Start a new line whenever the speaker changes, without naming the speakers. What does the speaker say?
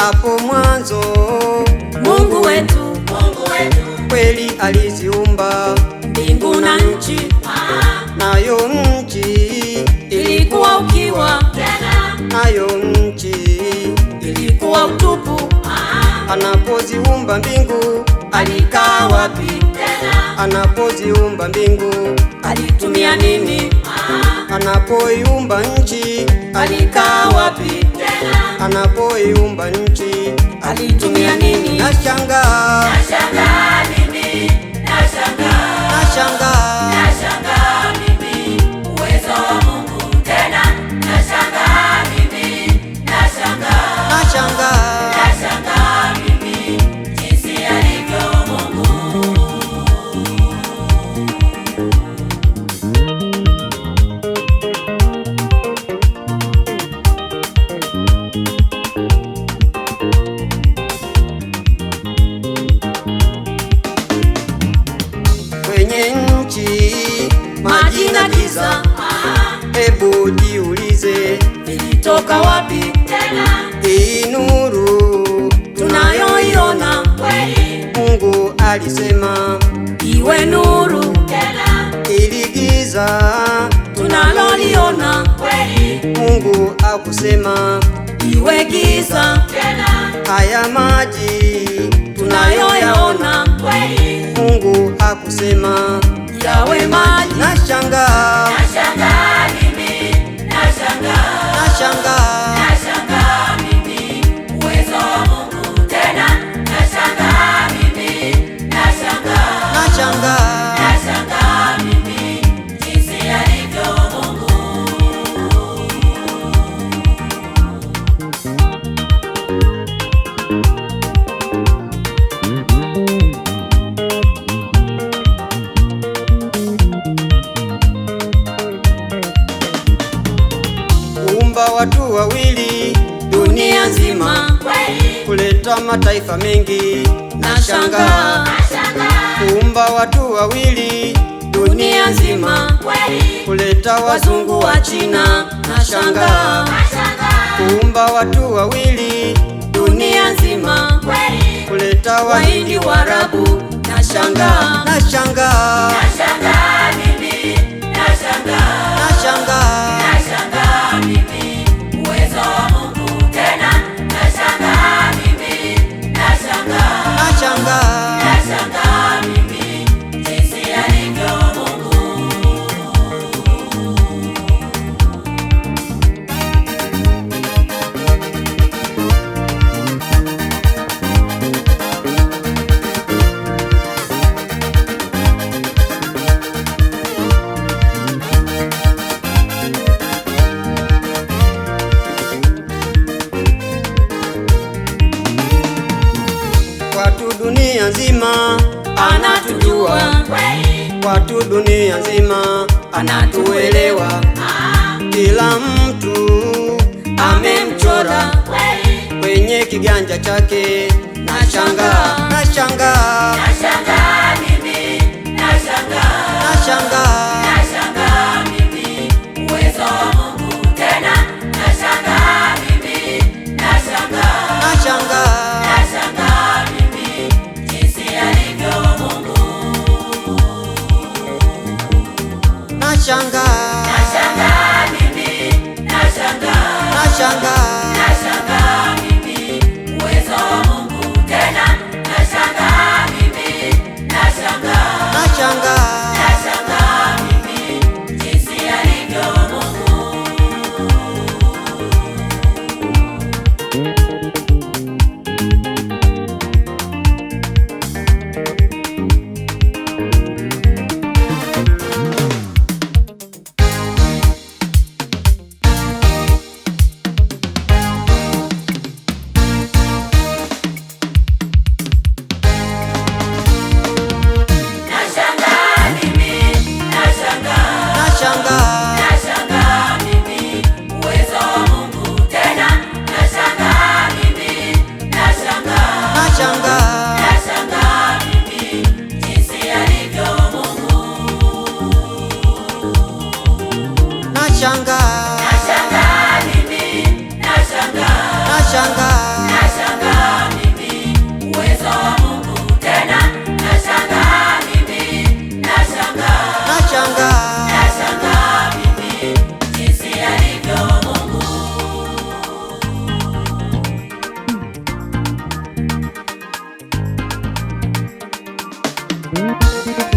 hapo mwanzo
Mungu wetu,
Mungu wetu
kweli aliziumba
mbingu na nchi,
nayo nchi
ilikuwa ukiwa,
nayo nchi
ilikuwa utupu.
Anapoziumba mbingu alikaa wapi? Anapoziumba mbingu
alitumia nini?
Anapoiumba nchi anapoiumba nchi
alitumia nini?
Nashangaa,
nashangaa
alisema
iwe nuru
tena
ili giza
tunaloliona
kweli.
Mungu akusema
iwe giza
tena
haya maji
tunayoyaona
watu wawili
dunia nzima,
kuleta mataifa mengi na shanga kuumba watu wawili
dunia nzima,
kuleta wazungu wa China na shanga kuumba watu wawili dunia nzima
anatujua,
watu dunia nzima anatuelewa, kila mtu amemchora kwenye kiganja chake. Nashangaa, nashangaa,
nashangaa
nashangaa,
nashangaa mimi, nashangaa,
nashangaa
Thank you.